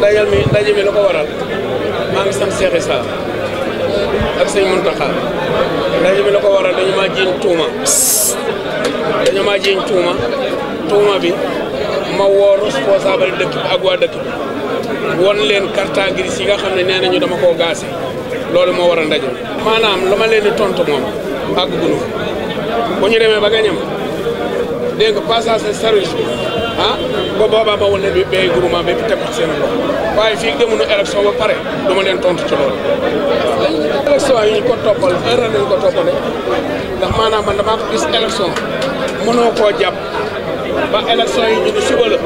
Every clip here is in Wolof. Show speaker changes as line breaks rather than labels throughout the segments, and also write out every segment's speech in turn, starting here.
ndajal mi ndaje mi ko waral maa ngi sant Cheikh Issa ak sëñ mi la ko waral dañu maa jiiñ tuuma dañu maa jiiñ tuuma tuuma bi ma woo responsable dëkk bi ak waa won leen carte grise yi nga xam ne nee nañu dama koo gaase loolu moo waral ndaje maanaam lu ma leen di tontu moom àgg ñu demee ba nga ñam dégg nga ah ba boobaa ma wane ne bee groupement bépp teg ko seen loxo waaye fii demuñu ba pare du ma leen tontu ci loolu. yi ñu ko toppal heure nañu ko toppale ndax maanaam man damaa ko gis mu mënoo koo jàpp ba élection yi ñu ne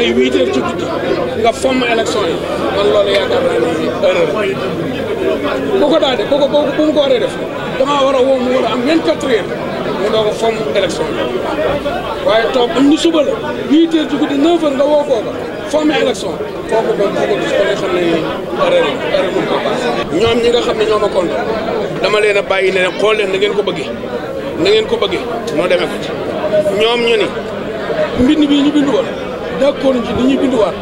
ay huit heures ci guddi nga fomm élection yi man loolu yaakaar naa ne erreur bu ko daal de bu ko bu mu ko waree def damaa war a woo mu war a am vingt quatre mu doog a fomm yi waaye toog am ni suba la huit heures ci guddi neuf heures nga woo kooka fomm élection kooku ba bu ko gis xam ne erreur erreur mun ko ñoom ñi nga xam ne ñoo ma compte dama leen a bàyyi ne xool leen na ngeen ko bëggee na ngeen ko bëggee moo demee ko ñoom ñu ni mbind bii ñu bindu d'accord ci dañuy binduwaat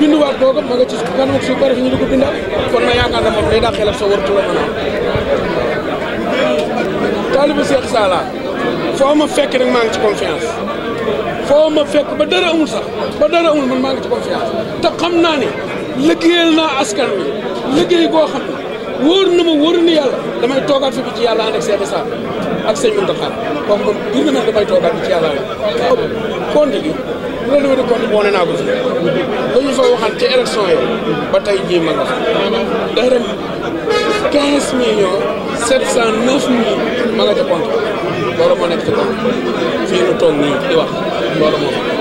binduwaat boobu ma nga ci kanam ak suuf ba ñu di ko bindaat kon ma yaakaar ne moom day daa xelal sa wartu la mën a taalibu Cheikh Sala foo ma fekk rek maa ngi ci confiance foo ma fekk ba dara amul sax ba dara amul ma maa ngi ci xam naa ne liggéeyal naa askan wi liggéey boo xam ne wóor na ma wóor yàlla damay toogaat fi bi ci yàlla ànd ak Cheikh Sala ak sëñ Mountakha kooku kon biir na ma damay toogaat bi ci yàlla la compte gi relevé de compte bi wane naa ko fi dañu fa waxal ci élection yi ba tey jii ma nga fa dara 15 millions 709 mille ma nga ca compte loolu moo nekk ci toog nii di wax loolu